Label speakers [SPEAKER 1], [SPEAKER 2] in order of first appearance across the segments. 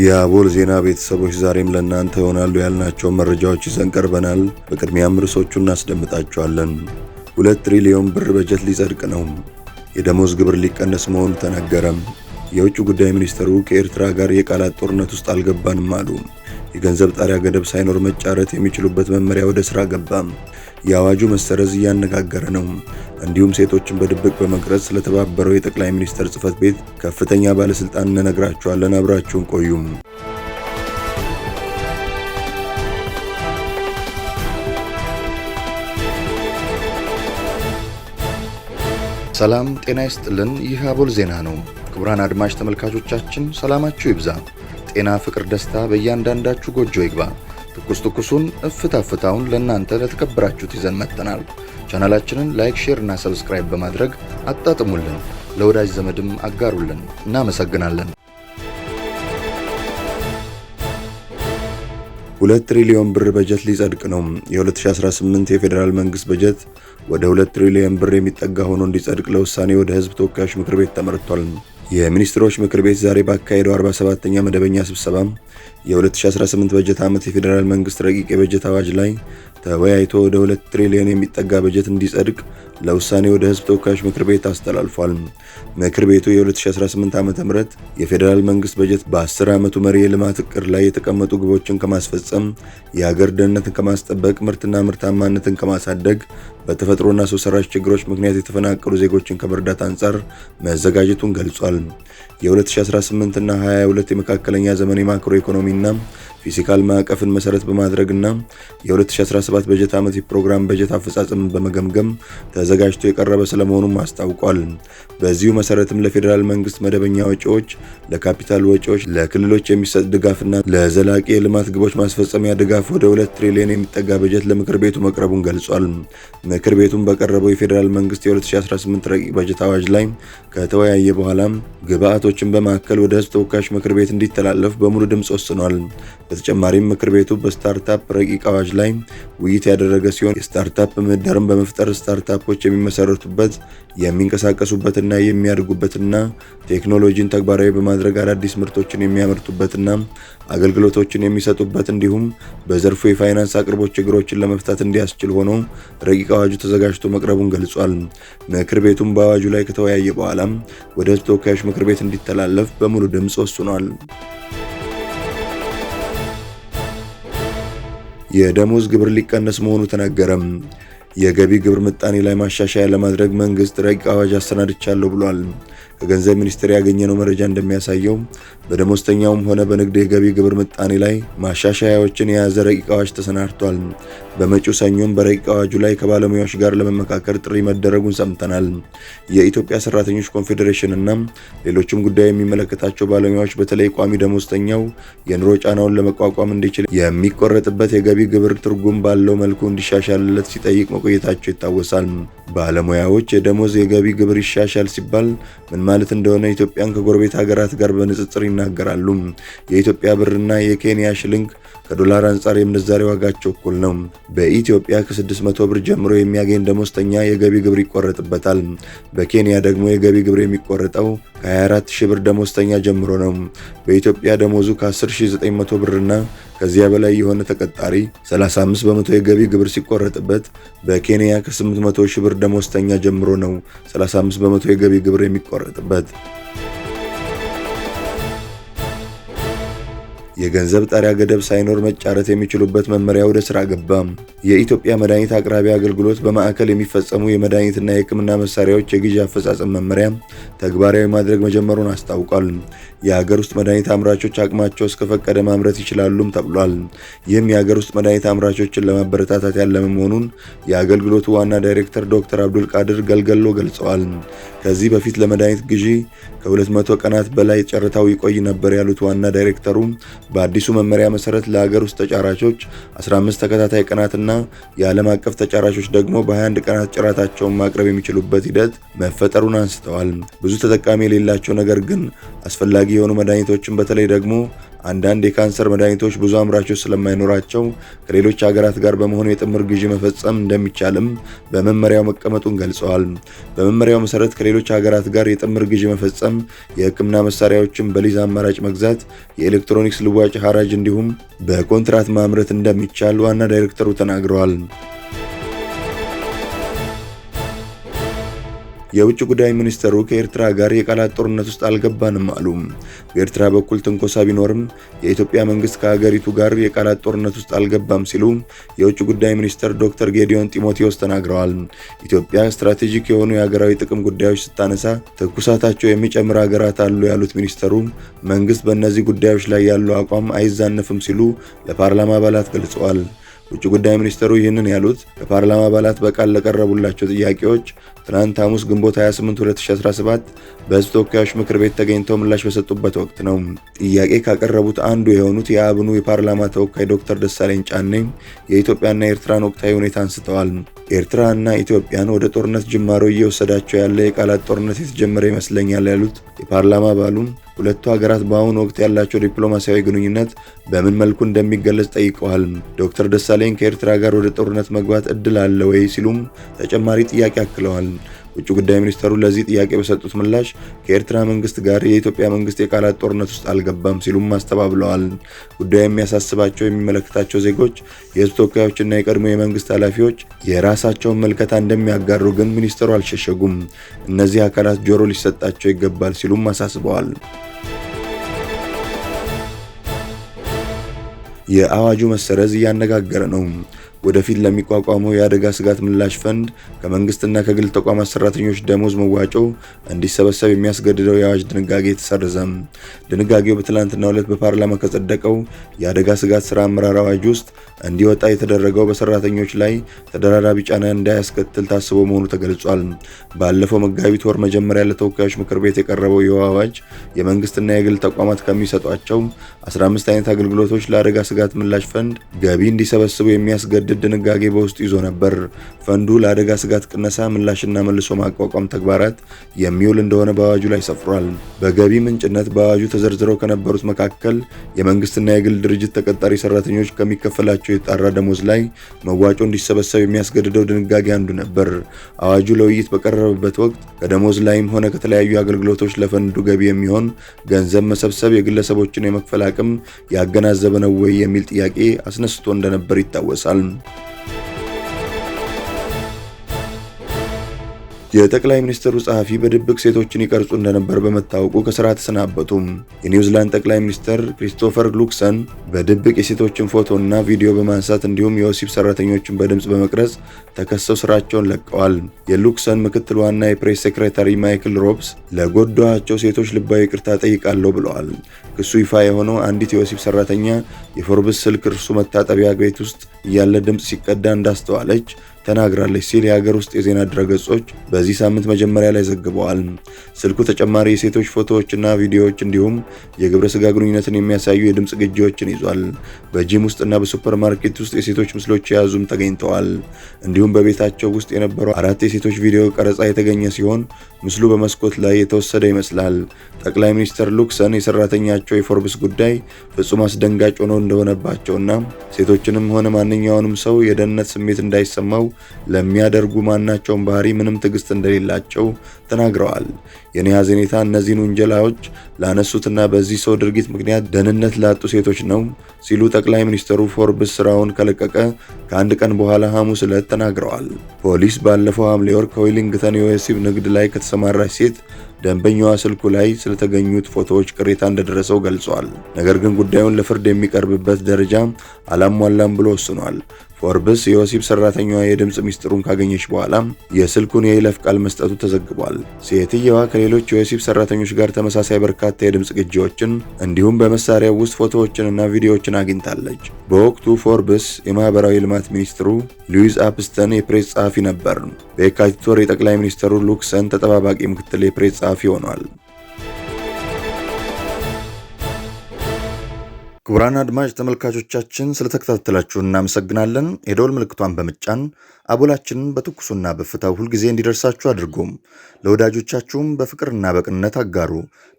[SPEAKER 1] የአቦል ዜና ቤተሰቦች ዛሬም ለእናንተ ይሆናሉ ያልናቸው መረጃዎች ይዘን ቀርበናል። በቅድሚያም ርዕሶቹ እናስደምጣቸዋለን። ሁለት ትሪሊዮን ብር በጀት ሊጸድቅ ነው። የደሞዝ ግብር ሊቀነስ መሆኑ ተነገረም። የውጭ ጉዳይ ሚኒስትሩ ከኤርትራ ጋር የቃላት ጦርነት ውስጥ አልገባንም አሉ። የገንዘብ ጣሪያ ገደብ ሳይኖር መጫረት የሚችሉበት መመሪያ ወደ ስራ ገባም። የአዋጁ መሰረዝ እያነጋገረ ነው። እንዲሁም ሴቶችን በድብቅ በመቅረጽ ስለተባበረው የጠቅላይ ሚኒስትር ጽህፈት ቤት ከፍተኛ ባለስልጣን እንነግራችኋለን። አብራችሁን ቆዩም።
[SPEAKER 2] ሰላም ጤና ይስጥልን። ይህ አቦል ዜና ነው። ክቡራን አድማጭ ተመልካቾቻችን ሰላማችሁ ይብዛ። ጤና፣ ፍቅር፣ ደስታ በእያንዳንዳችሁ ጎጆ ይግባ። ትኩስ ትኩሱን እፍታ ፍታውን ለእናንተ ለተከበራችሁት ይዘን መጥተናል። ቻናላችንን ላይክ፣ ሼር እና ሰብስክራይብ በማድረግ አጣጥሙልን፣ ለወዳጅ ዘመድም አጋሩልን። እናመሰግናለን።
[SPEAKER 1] ሁለት ትሪሊዮን ብር በጀት ሊጸድቅ ነው። የ2018 የፌዴራል መንግስት በጀት ወደ ሁለት ትሪሊዮን ብር የሚጠጋ ሆኖ እንዲጸድቅ ለውሳኔ ወደ ህዝብ ተወካዮች ምክር ቤት ተመርቷል። የሚኒስትሮች ምክር ቤት ዛሬ ባካሄደው 47ኛ መደበኛ ስብሰባ የ2018 በጀት ዓመት የፌዴራል መንግስት ረቂቅ የበጀት አዋጅ ላይ ተወያይቶ ወደ 2 ትሪሊዮን የሚጠጋ በጀት እንዲጸድቅ ለውሳኔ ወደ ህዝብ ተወካዮች ምክር ቤት አስተላልፏል። ምክር ቤቱ የ2018 ዓ ም የፌዴራል መንግስት በጀት በ10 ዓመቱ መሪ የልማት እቅድ ላይ የተቀመጡ ግቦችን ከማስፈጸም የሀገር ደህንነትን ከማስጠበቅ፣ ምርትና ምርታማነትን ከማሳደግ፣ በተፈጥሮና ሰው ሰራሽ ችግሮች ምክንያት የተፈናቀሉ ዜጎችን ከመርዳት አንጻር መዘጋጀቱን ገልጿል። የ2018 ና 22 የመካከለኛ ዘመን የማክሮ ኢኮኖሚና ፊዚካል ማዕቀፍን መሰረት በማድረግና የ2017 በጀት ዓመት የፕሮግራም በጀት አፈጻጸምን በመገምገም ተዘጋጅቶ የቀረበ ስለመሆኑም አስታውቋል። በዚሁ መሰረትም ለፌዴራል መንግስት መደበኛ ወጪዎች፣ ለካፒታል ወጪዎች፣ ለክልሎች የሚሰጥ ድጋፍና ለዘላቂ የልማት ግቦች ማስፈጸሚያ ድጋፍ ወደ ሁለት ትሪሊዮን የሚጠጋ በጀት ለምክር ቤቱ መቅረቡን ገልጿል። ምክር ቤቱም በቀረበው የፌዴራል መንግስት የ2018 ረቂቅ በጀት አዋጅ ላይ ከተወያየ በኋላም ግብአቶችን በማካከል ወደ ህዝብ ተወካዮች ምክር ቤት እንዲተላለፍ በሙሉ ድምፅ ወስኗል። በተጨማሪም ምክር ቤቱ በስታርታፕ ረቂቅ አዋጅ ላይ ውይይት ያደረገ ሲሆን የስታርታፕ ምህዳርን በመፍጠር ስታርታፖች ሀገሮች የሚመሰረቱበት የሚንቀሳቀሱበትና የሚያድጉበትና ቴክኖሎጂን ተግባራዊ በማድረግ አዳዲስ ምርቶችን የሚያመርቱበትና አገልግሎቶችን የሚሰጡበት እንዲሁም በዘርፉ የፋይናንስ አቅርቦት ችግሮችን ለመፍታት እንዲያስችል ሆኖ ረቂቅ አዋጁ ተዘጋጅቶ መቅረቡን ገልጿል። ምክር ቤቱም በአዋጁ ላይ ከተወያየ በኋላ ወደ ህዝብ ተወካዮች ምክር ቤት እንዲተላለፍ በሙሉ ድምፅ ወስኗል። የደሞዝ ግብር ሊቀነስ መሆኑ ተነገረም። የገቢ ግብር ምጣኔ ላይ ማሻሻያ ለማድረግ መንግስት ረቂቅ አዋጅ አሰናድቻለሁ ብሏል። ከገንዘብ ሚኒስቴር ያገኘነው መረጃ እንደሚያሳየው በደሞዝተኛውም ሆነ በንግድ የገቢ ግብር ምጣኔ ላይ ማሻሻያዎችን የያዘ ረቂቅ አዋጅ ተሰናድቷል። በመጪው ሰኞም በረቂቅ አዋጁ ላይ ከባለሙያዎች ጋር ለመመካከር ጥሪ መደረጉን ሰምተናል። የኢትዮጵያ ሰራተኞች ኮንፌዴሬሽን እና ሌሎችም ጉዳይ የሚመለከታቸው ባለሙያዎች በተለይ ቋሚ ደሞዝተኛው የኑሮ ጫናውን ለመቋቋም እንዲችል የሚቆረጥበት የገቢ ግብር ትርጉም ባለው መልኩ እንዲሻሻልለት ሲጠይቅ መቆየታቸው ይታወሳል። ባለሙያዎች የደሞዝ የገቢ ግብር ይሻሻል ሲባል ምን ማለት እንደሆነ ኢትዮጵያን ከጎረቤት ሀገራት ጋር በንጽጽር ይናገራሉ። የኢትዮጵያ ብርና የኬንያ ሽልንግ ከዶላር አንጻር የምንዛሬ ዋጋቸው እኩል ነው። በኢትዮጵያ ከ600 ብር ጀምሮ የሚያገኝ ደሞዝተኛ የገቢ ግብር ይቆረጥበታል። በኬንያ ደግሞ የገቢ ግብር የሚቆረጠው ከ24 ሺህ ብር ደሞዝተኛ ጀምሮ ነው። በኢትዮጵያ ደሞዙ ከ10900 ብርና ከዚያ በላይ የሆነ ተቀጣሪ 35 በመቶ የገቢ ግብር ሲቆረጥበት በኬንያ ከ800 ሺህ ብር ደሞዝተኛ ጀምሮ ነው 35 በመቶ የገቢ ግብር የሚቆረጥበት። የገንዘብ ጣሪያ ገደብ ሳይኖር መጫረት የሚችሉበት መመሪያ ወደ ስራ ገባ። የኢትዮጵያ መድኃኒት አቅራቢ አገልግሎት በማዕከል የሚፈጸሙ የመድኃኒትና የሕክምና መሳሪያዎች የግዢ አፈጻጸም መመሪያ ተግባራዊ ማድረግ መጀመሩን አስታውቋል። የሀገር ውስጥ መድኃኒት አምራቾች አቅማቸው እስከፈቀደ ማምረት ይችላሉም ተብሏል። ይህም የሀገር ውስጥ መድኃኒት አምራቾችን ለማበረታታት ያለመ መሆኑን የአገልግሎቱ ዋና ዳይሬክተር ዶክተር አብዱልቃድር ገልገሎ ገልጸዋል። ከዚህ በፊት ለመድኃኒት ግዢ ከ200 ቀናት በላይ ጨረታው ይቆይ ነበር ያሉት ዋና ዳይሬክተሩ በአዲሱ መመሪያ መሰረት ለሀገር ውስጥ ተጫራቾች 15 ተከታታይ ቀናትና የዓለም አቀፍ ተጫራቾች ደግሞ በ21 ቀናት ጭራታቸውን ማቅረብ የሚችሉበት ሂደት መፈጠሩን አንስተዋል። ብዙ ተጠቃሚ የሌላቸው ነገር ግን አስፈላጊ የሆኑ መድኃኒቶችን በተለይ ደግሞ አንዳንድ የካንሰር መድኃኒቶች ብዙ አምራቾች ስለማይኖራቸው ከሌሎች ሀገራት ጋር በመሆኑ የጥምር ግዢ መፈጸም እንደሚቻልም በመመሪያው መቀመጡን ገልጸዋል። በመመሪያው መሰረት ከሌሎች ሀገራት ጋር የጥምር ግዢ መፈጸም፣ የህክምና መሳሪያዎችን በሊዝ አማራጭ መግዛት፣ የኤሌክትሮኒክስ ልዋጭ ሐራጅ እንዲሁም በኮንትራት ማምረት እንደሚቻል ዋና ዳይሬክተሩ ተናግረዋል። የውጭ ጉዳይ ሚኒስተሩ ከኤርትራ ጋር የቃላት ጦርነት ውስጥ አልገባንም አሉ። በኤርትራ በኩል ትንኮሳ ቢኖርም የኢትዮጵያ መንግስት ከሀገሪቱ ጋር የቃላት ጦርነት ውስጥ አልገባም ሲሉ የውጭ ጉዳይ ሚኒስተር ዶክተር ጌዲዮን ጢሞቴዎስ ተናግረዋል። ኢትዮጵያ ስትራቴጂክ የሆኑ የሀገራዊ ጥቅም ጉዳዮች ስታነሳ ትኩሳታቸው የሚጨምር ሀገራት አሉ ያሉት ሚኒስተሩ መንግስት በእነዚህ ጉዳዮች ላይ ያለው አቋም አይዛነፍም ሲሉ ለፓርላማ አባላት ገልጸዋል። ውጭ ጉዳይ ሚኒስተሩ ይህንን ያሉት ከፓርላማ አባላት በቃል ለቀረቡላቸው ጥያቄዎች ትናንት ሐሙስ ግንቦት 28 2017 በህዝብ ተወካዮች ምክር ቤት ተገኝተው ምላሽ በሰጡበት ወቅት ነው። ጥያቄ ካቀረቡት አንዱ የሆኑት የአብኑ የፓርላማ ተወካይ ዶክተር ደሳለኝ ጫኔ የኢትዮጵያና የኤርትራን ወቅታዊ ሁኔታ አንስተዋል። ኤርትራና ኢትዮጵያን ወደ ጦርነት ጅማሮ እየወሰዳቸው ያለ የቃላት ጦርነት የተጀመረ ይመስለኛል ያሉት የፓርላማ አባሉም ሁለቱ ሀገራት በአሁኑ ወቅት ያላቸው ዲፕሎማሲያዊ ግንኙነት በምን መልኩ እንደሚገለጽ ጠይቀዋል። ዶክተር ደሳለኝ ከኤርትራ ጋር ወደ ጦርነት መግባት እድል አለ ወይ ሲሉም ተጨማሪ ጥያቄ አክለዋል። ውጭ ጉዳይ ሚኒስተሩ ለዚህ ጥያቄ በሰጡት ምላሽ ከኤርትራ መንግስት ጋር የኢትዮጵያ መንግስት የቃላት ጦርነት ውስጥ አልገባም ሲሉም አስተባብለዋል። ጉዳዩ የሚያሳስባቸው የሚመለከታቸው ዜጎች፣ የህዝብ ተወካዮችና የቀድሞ የመንግስት ኃላፊዎች የራሳቸውን መልከታ እንደሚያጋሩ ግን ሚኒስተሩ አልሸሸጉም። እነዚህ አካላት ጆሮ ሊሰጣቸው ይገባል ሲሉም አሳስበዋል። የአዋጁ መሰረዝ እያነጋገረ ነው። ወደፊት ለሚቋቋመው የአደጋ ስጋት ምላሽ ፈንድ ከመንግስትና ከግል ተቋማት ሰራተኞች ደሞዝ መዋጮ እንዲሰበሰብ የሚያስገድደው የአዋጅ ድንጋጌ ተሰረዘም። ድንጋጌው በትላንትናው ዕለት በፓርላማ ከጸደቀው የአደጋ ስጋት ስራ አመራር አዋጅ ውስጥ እንዲወጣ የተደረገው በሰራተኞች ላይ ተደራራቢ ጫና እንዳያስከትል ታስቦ መሆኑ ተገልጿል። ባለፈው መጋቢት ወር መጀመሪያ ለተወካዮች ምክር ቤት የቀረበው ይኸው አዋጅ የመንግስትና የግል ተቋማት ከሚሰጧቸው 15 አይነት አገልግሎቶች ለአደጋ ስጋት ምላሽ ፈንድ ገቢ እንዲሰበስቡ የሚያስገድድ ድንጋጌ በውስጡ ይዞ ነበር። ፈንዱ ለአደጋ ስጋት ቅነሳ ምላሽና መልሶ ማቋቋም ተግባራት የሚውል እንደሆነ በአዋጁ ላይ ሰፍሯል። በገቢ ምንጭነት በአዋጁ ተዘርዝረው ከነበሩት መካከል የመንግስትና የግል ድርጅት ተቀጣሪ ሰራተኞች ከሚከፈላቸው ያላቸው የጣራ ደሞዝ ላይ መዋጮ እንዲሰበሰብ የሚያስገድደው ድንጋጌ አንዱ ነበር። አዋጁ ለውይይት በቀረበበት ወቅት ከደሞዝ ላይም ሆነ ከተለያዩ አገልግሎቶች ለፈንዱ ገቢ የሚሆን ገንዘብ መሰብሰብ የግለሰቦችን የመክፈል አቅም ያገናዘበ ነው ወይ የሚል ጥያቄ አስነስቶ እንደነበር ይታወሳል። የጠቅላይ ሚኒስትሩ ጸሐፊ በድብቅ ሴቶችን ይቀርጹ እንደነበር በመታወቁ ከስራ ተሰናበቱም። የኒውዚላንድ ጠቅላይ ሚኒስትር ክሪስቶፈር ሉክሰን በድብቅ የሴቶችን ፎቶና ቪዲዮ በማንሳት እንዲሁም የወሲብ ሰራተኞችን በድምፅ በመቅረጽ ተከሰው ስራቸውን ለቀዋል። የሉክሰን ምክትል ዋና የፕሬስ ሴክሬታሪ ማይክል ሮብስ ለጎዳቸው ሴቶች ልባዊ ይቅርታ ጠይቃለሁ ብለዋል። ክሱ ይፋ የሆነው አንዲት የወሲብ ሰራተኛ የፎርብስ ስልክ እርሱ መታጠቢያ ቤት ውስጥ እያለ ድምፅ ሲቀዳ እንዳስተዋለች ተናግራለች ሲል የሀገር ውስጥ የዜና ድረገጾች በዚህ ሳምንት መጀመሪያ ላይ ዘግበዋል። ስልኩ ተጨማሪ የሴቶች ፎቶዎችና ቪዲዮዎች እንዲሁም የግብረ ስጋ ግንኙነትን የሚያሳዩ የድምፅ ግጂዎችን ይዟል። በጂም ውስጥና በሱፐርማርኬት ውስጥ የሴቶች ምስሎች የያዙም ተገኝተዋል። እንዲሁም በቤታቸው ውስጥ የነበሩ አራት የሴቶች ቪዲዮ ቀረጻ የተገኘ ሲሆን ምስሉ በመስኮት ላይ የተወሰደ ይመስላል። ጠቅላይ ሚኒስትር ሉክሰን የሰራተኛቸው የፎርብስ ጉዳይ ፍጹም አስደንጋጭ ሆኖ እንደሆነባቸውና ሴቶችንም ሆነ ማንኛውንም ሰው የደህንነት ስሜት እንዳይሰማው ለሚያደርጉ ማናቸውም ባህሪ ምንም ትዕግስት እንደሌላቸው ተናግረዋል። የኔ ሐዘኔታ እነዚህን ውንጀላዎች ላነሱትና በዚህ ሰው ድርጊት ምክንያት ደህንነት ላጡ ሴቶች ነው ሲሉ ጠቅላይ ሚኒስትሩ ፎርብስ ስራውን ከለቀቀ ከአንድ ቀን በኋላ ሐሙስ ዕለት ተናግረዋል። ፖሊስ ባለፈው ሐምሌ ወር ከዌሊንግተን የወሲብ ንግድ ላይ ከተሰማራች ሴት ደንበኛዋ ስልኩ ላይ ስለተገኙት ፎቶዎች ቅሬታ እንደደረሰው ገልጿል። ነገር ግን ጉዳዩን ለፍርድ የሚቀርብበት ደረጃ አላሟላም ብሎ ወስኗል። ፎርብስ የወሲብ ሰራተኛዋ የድምፅ ሚስጥሩን ካገኘች በኋላ የስልኩን የይለፍ ቃል መስጠቱ ተዘግቧል። ሴትየዋ ከሌሎች የወሲብ ሰራተኞች ጋር ተመሳሳይ በርካታ የድምፅ ግጂዎችን እንዲሁም በመሳሪያው ውስጥ ፎቶዎችንና ቪዲዮዎችን አግኝታለች። በወቅቱ ፎርብስ የማህበራዊ ልማት ሚኒስትሩ ሉዊዝ አፕስተን የፕሬስ ጸሐፊ ነበር። በየካቲት ወር የጠቅላይ ሚኒስትሩ ሉክሰን ተጠባባቂ ምክትል የፕሬስ ጸሐፊ ሆኗል።
[SPEAKER 2] ክቡራን አድማጭ ተመልካቾቻችን ስለተከታተላችሁ እናመሰግናለን። የደወል ምልክቷን በምጫን አቦላችንን በትኩሱና በፍታው ሁልጊዜ እንዲደርሳችሁ አድርጎም ለወዳጆቻችሁም በፍቅርና በቅንነት አጋሩ።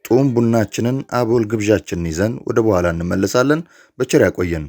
[SPEAKER 2] ጡም ቡናችንን አቦል ግብዣችንን ይዘን ወደ በኋላ እንመለሳለን። በቸር ያቆየን።